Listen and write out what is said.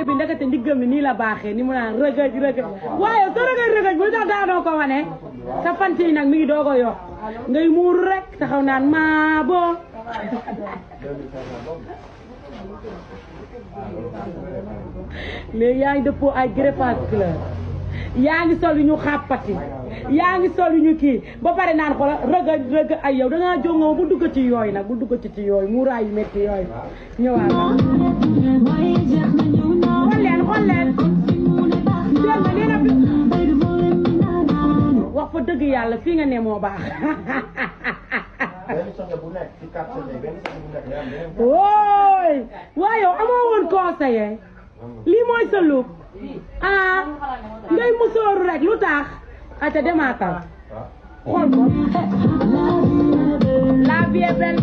xale bi ndekete ndiggam ni nii la baaxee ni mu naan rëgëj rëgëj waaye sa rëgëj rëgëj bu tax daanoo ko wane sa fan yi nag mi ngi doog a yokk ngay muuru rek taxaw naan ma boo léegi yaa ngi dëppoo ay greffage couleur yaa ngi sol yu ñu xàppati yaa ngi sol yu ñu kii ba pare naan xoola rëga rëga ay yow dangaa jóngoo bu dugg ci yooyu nag bu dugg ci ci yooyu muuraay yu métti yooyu ñëwaat fa dëgg yàlla fii nga ne moo baax. wooy waaye yow amoo woon conseiller lii mooy sa look ah ngay rek lu tax ata demaatal xool ko la vie belle